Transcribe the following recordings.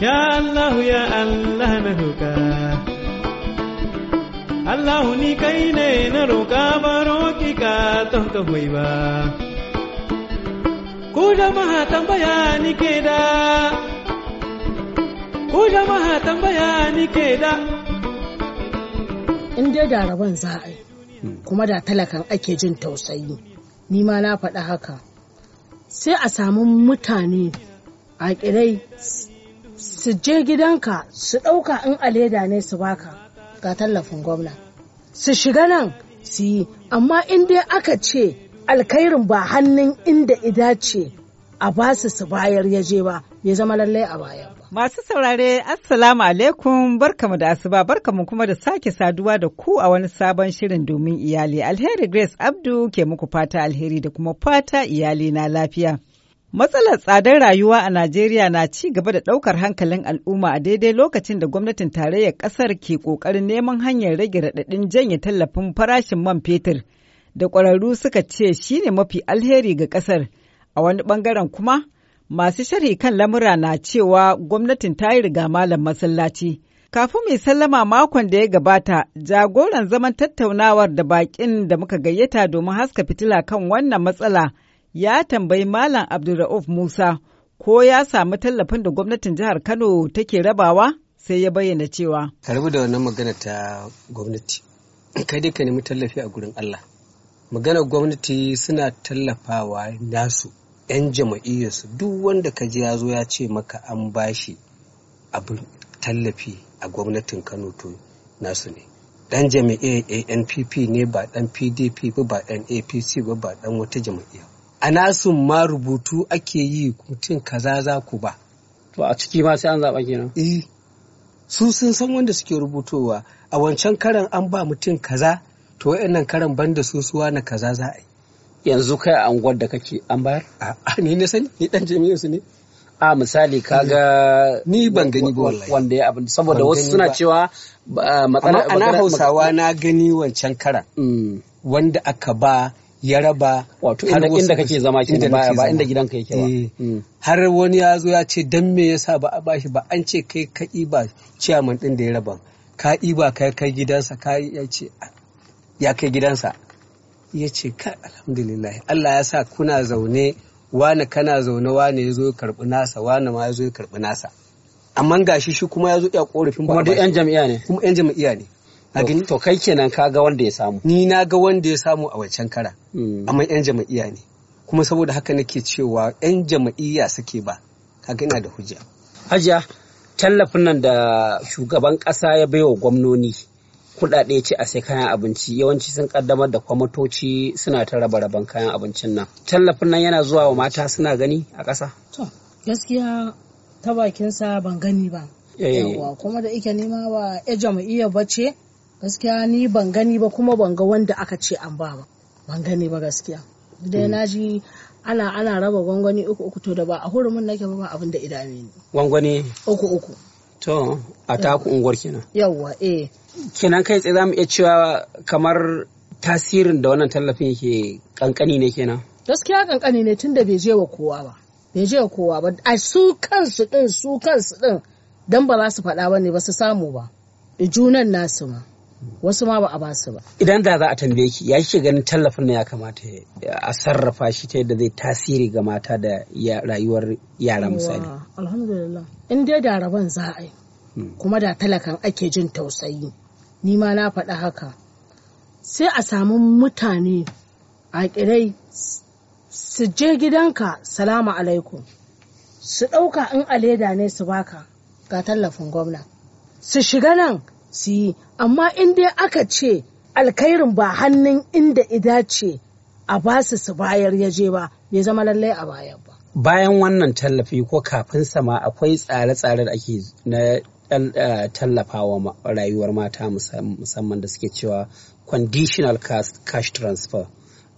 Ya Allah ya Allah na roƙa Allah ni kai ne na roƙa baro ki ka ta ka ba Ku jama'a tambaya ni ke da Ku jama'a tambaya ni ke da In dai da rabon za a yi kuma da talakan ake jin tausayi ni ma na faɗi haka sai a samu mutane a ƙirai su je gidanka su ɗauka in a leda ne su baka ga tallafin gwamna su shiga nan su yi amma in dai aka ce alkairin ba hannun inda ida ce a basu su bayar ya je ba bai zama lallai a baya Masu saurare Assalamu alaikum barkamu da asuba barkamu kuma da sake saduwa da ku a wani sabon shirin domin iyali alheri Grace Abdu ke muku fata alheri da kuma fata iyali na lafiya. Matsalar tsadar rayuwa a Najeriya na ci gaba da ɗaukar hankalin al'umma a daidai lokacin da gwamnatin tarayyar ƙasar ke ƙoƙarin neman hanyar rage raɗaɗin janye tallafin farashin man fetur da ƙwararru suka ce shi ne mafi alheri ga ƙasar. A wani ɓangaren kuma, masu sharhi kan lamura na cewa gwamnatin ta yi riga malam masallaci. Kafin mai sallama makon da ya gabata, jagoran zaman tattaunawar da baƙin da muka gayyata domin haska fitila kan wannan matsala. ya tambayi Malam Abdulra'uf Musa ko ya samu tallafin da gwamnatin jihar Kano take rabawa sai ya bayyana cewa. Ka rabu da wannan magana ta gwamnati, kai dai ka nemi tallafi a gurin Allah. Maganar gwamnati suna tallafawa nasu 'yan jama'iyyarsu duk wanda ka ji ya zo ya ce maka an bashi abin tallafi a gwamnatin Kano to nasu ne. dan jami'a anpp ne ba dan pdp ba ba dan apc ba ba dan wata jam'iyya a nasun ma rubutu ake yi mutum kaza za ku ba to a ciki ma sai an zaɓa kenan eh su sun san wanda suke rubutowa a wancan karan an ba mutum kaza to wayannan karan ban su suwa na kaza za a yi yanzu kai a gwadda da kake an bayar a ni ne sani ni dan jami'in su ne a misali kaga ni ban gani ba wallahi wanda ya abin saboda wasu suna cewa matsala ana hausawa na gani wancan karan mm. wanda aka ba ya raba wato inda inda kake zama shi baya ba inda gidanka yake ba eh. hmm. har wani ya zo ya ce dan me yasa ba a bashi ba an ce kai ka iba ciyaman din da ya raba ka iba kai kai gidansa ka ya ce ya kai gidansa ya ce ka alhamdulillah Allah ya sa kuna zaune wani kana zaune wani ya zo ya karbi nasa wani ma ya zo ya karbi nasa amma gashi shi kuma ya zo ya korafin ba kuma dai yan jami'a ne kuma yan jami'a ne A to kai kenan ka ga wanda ya samu ni na ga wanda ya samu a wancan kara hmm. amma yan jama'iya ne kuma saboda haka nake cewa yan jama'iya suke ba ka ina da hujja hajiya tallafin nan da shugaban kasa ya baiwa gwamnoni kuɗaɗe ce a sai kayan abinci yawanci sun kaddamar da kwamatoci suna ta raba raban kayan abincin nan tallafin nan yana zuwa wa mata suna gani a kasa. to gaskiya ta bakin sa ban gani ba eh. yawa kuma da ike nema ba ya jam'iyya bace gaskiya ni ban gani ba kuma ban ga wanda aka ce an ba ba ban gani ba gaskiya dai hmm. na ji ana ana raba gwangwani uku uku to da ba a hurumin nake ba ba abin da idame ni gwangwani uku uku to a taku unguwar kenan yawwa eh kenan kai tsaye zamu iya cewa kamar tasirin da wannan tallafin yake kankani ne kenan gaskiya kankani ne tunda bai je wa kowa ba bai je wa kowa ba a su kansu din su kansu din dan ba za su faɗa ba ne ba su samu ba junan nasu ma wasu ma ba a basu ba idan da za a tambaye ki ya ke ganin tallafin na ya kamata a sarrafa shi ta yadda zai tasiri ga mata da rayuwar yara misali alhamdulillah in dai da rabon za a yi hmm. kuma da talakan ake jin tausayi ni ma na faɗa haka sai a samu mutane a kirai su je gidanka salamu alaikum su ɗauka in a leda ne su baka ga tallafin gwamna su shiga nan su yi amma in dai aka ce alkhairin ba hannun inda ida ce a basu su bayar ya je ba bai zama lallai a bayar ba bayan wannan tallafi ko kafin sama akwai tsare-tsare da ake na eh, tallafawa rayuwar mata musamman da suke cewa conditional cash transfer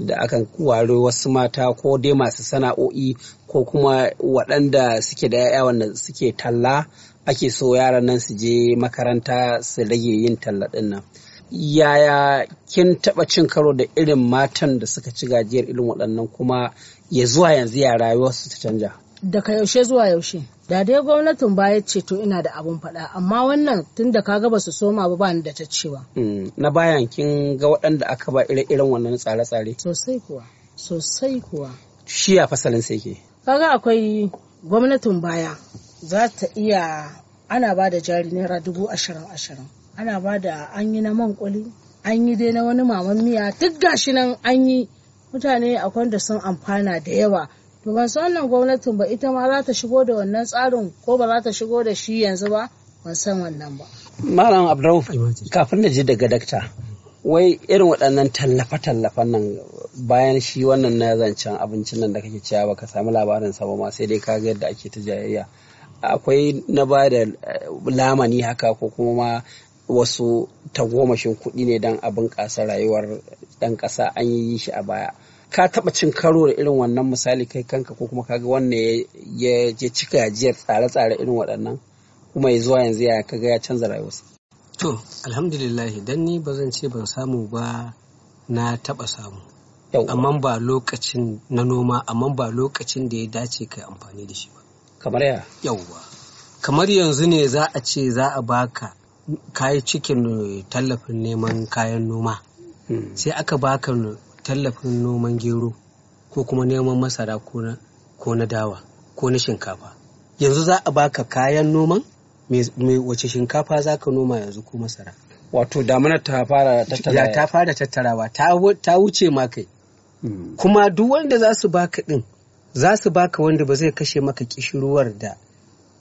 da akan ware wasu mata ko dai masu sana'o'i ko kuma waɗanda suke da 'ya'ya wanda suke talla ake so yaran nan su je makaranta su rage yin talla ɗin nan yaya kin taɓa cin karo da irin matan da suka ci gajiyar irin waɗannan kuma ya zuwa yanzu ya rayuwarsu ta canja daga yaushe zuwa yaushe da dai gwamnatin baya ce to ina da abun faɗa amma wannan tun da kaga ba su soma ba ba ni da ta cewa hmm, na bayan kin ga waɗanda aka ba ire-iren wannan tsare-tsare sosai kuwa sosai kuwa shi ya fasalin sai ke kaga akwai gwamnatin baya za ta iya ana ba da jari naira dubu ashirin ashirin ana ba da an yi na man kuli an yi dai na wani maman miya duk gashi nan an yi mutane akwai da sun amfana da yawa to ban san wannan gwamnatin ba ita ma za ta shigo da wannan tsarin ko ba za ta shigo da shi yanzu ba ban san wannan ba malam Abdul kafin da ji daga dakta wai irin waɗannan tallafe-tallafen nan bayan shi wannan na zancen abincin nan da kake cewa ka sami labarin sa ba ma sai dai kaga yadda ake ta jayayya akwai na ba da eh, lamani haka ko kuma ma wasu tagomashin kuɗi ne don abin ƙasa rayuwar ɗan ƙasa an yi shi a baya ka taba cin karo da irin wannan misali kai kanka ko kuma kaga wannan ya je cika jiya tsare-tsare irin waɗannan kuma ya zuwa yanzu ya kaga ya canza rayuwarsa to alhamdulillah dan ni ba zan ce ban samu ba na taba samu amma ba lokacin na noma amma ba lokacin da ya dace kai amfani da shi ba kamar ya yauwa kamar yanzu ne za a ce za a baka kayi cikin tallafin neman kayan noma hmm. sai aka baka tallafin noman gero ko kuma neman masara ko na dawa ko na shinkafa yanzu za a baka kayan noman mai wace shinkafa za ka noma yanzu ko masara wato damunar ta fara tattarawa ta fara tattarawa ta wuce ma kai hmm. kuma duk wanda za su baka din za su baka wanda ba zai kashe maka kishiruwar da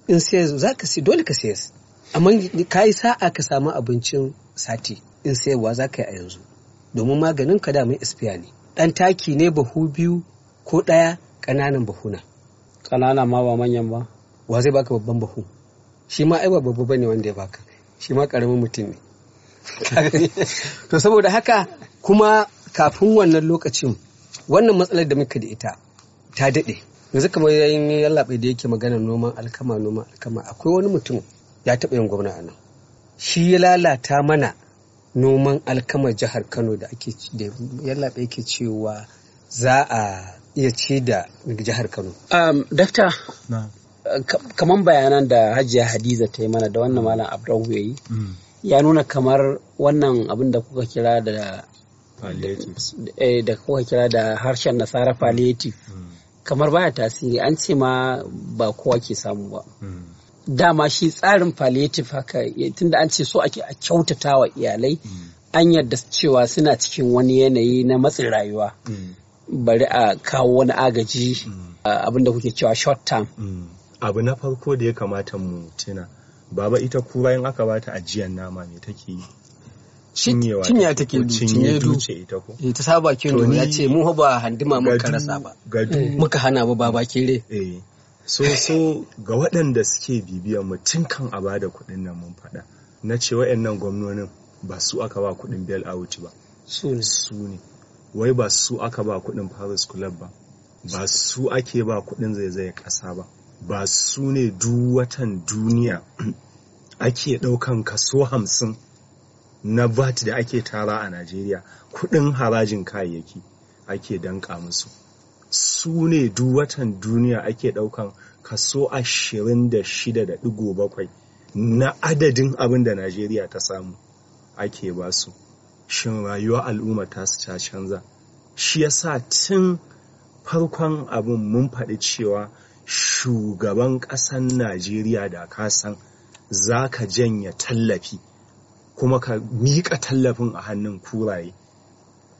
in sai za ka si dole ka sayas amma ka yi sa'a ka samu abincin sati in sayarwa za ka yi a yanzu domin maganin ka damin ispiya ne ɗan taki ne bahu biyu ko ɗaya ƙananan bahuna ƙanana ma ba manyan ba wa zai baka babban bahu shi ma ai ba babba bane wanda ya baka shi ma ƙaramin mutum ne to saboda haka kuma kafin wannan lokacin wannan matsalar da muka da ita ta daɗe yanzu kamar yayin yallaɓe da yake magana noman alkama noman alkama akwai wani mutum ya taɓa yin gwamna a nan shi ya lalata mana noman alkama jihar kano da ake da yake cewa za a iya ci da jihar kano um, dakta uh, kamar bayanan da hajiya hadiza ta yi mana da wannan malam abdurrahu ya yi mm. ya nuna kamar wannan abin da kuka kira da eh, da kuka kira da harshen nasara palliative mm. kamar baya tasiri an ce ma ba kowa ke samu ba mm. dama shi tsarin palliative haka eh, tunda an ce so ake a kyautata wa iyalai mm. an yarda cewa suna cikin wani yanayi na matsin rayuwa mm. bari a kawo wani agaji mm. abinda kuke cewa short term abu na farko da ya kamata mu tuna baba ita kura in aka bata ajiyar nama me take yi cinyewa cinya take cinye duce ita ko eh, ta saba kiro ya ce mu ba handima muka rasa ba muka hana ba baba kire eh. so so ga waɗanda suke bibiya mutum kan a bada kuɗin nan mun faɗa na ce waɗannan gwamnonin ba su aka ba kuɗin bel out ba su ne wai ba su aka ba kuɗin paris club ba ba su ake ba kuɗin zaizayar ƙasa ba ba su ne duk watan duniya ake ɗaukan kaso hamsin na VAT da ake tara a Najeriya kuɗin harajin kayayyaki ake danka musu. su ne duk watan duniya ake ɗaukan kaso 26.7 na adadin abin da Najeriya ta samu ake ba su. Shin rayuwar al'umma ta su ta canza. Shi yasa tun farkon abin mun faɗi cewa shugaban ƙasan Najeriya da ka san za ka janye tallafi kuma ka miƙa tallafin a hannun kuraye.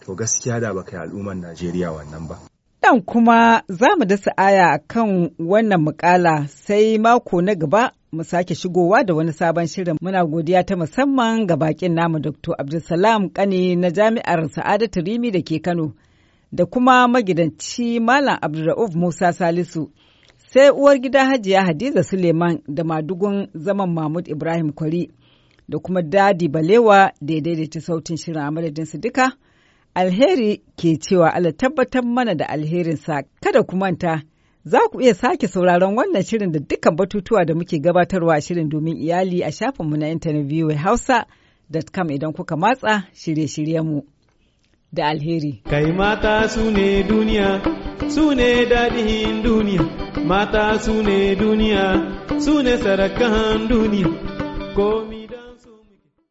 To gaskiya da baka yi al'ummar Najeriya wannan ba. nan kuma za mu dasa aya kan wannan mukala sai mako na gaba mu sake shigowa da wani sabon shirin muna godiya ta musamman ga bakin namu dr abdulsalam kane na jami'ar sa'ada rimi da ke kano da kuma magidanci malam abdulra'uf musa salisu sai uwar gida hajiya hadiza suleiman da madugun zaman mahmud ibrahim kwari da kuma dadi balewa da ya daidaita sautin shirin a madadinsu duka Alheri ke cewa Allah tabbatar mana da alherinsa kada ku manta za ku iya sake sauraron wannan shirin da dukkan batutuwa da muke gabatarwa shirin domin iyali a shafinmu na intanet hausa.com idan kuka matsa shirye-shiryenmu da alheri. Kai mata su ne duniya, su ne daɗin duniya, mata su ne duniya, su ne sarakan duniya, komi.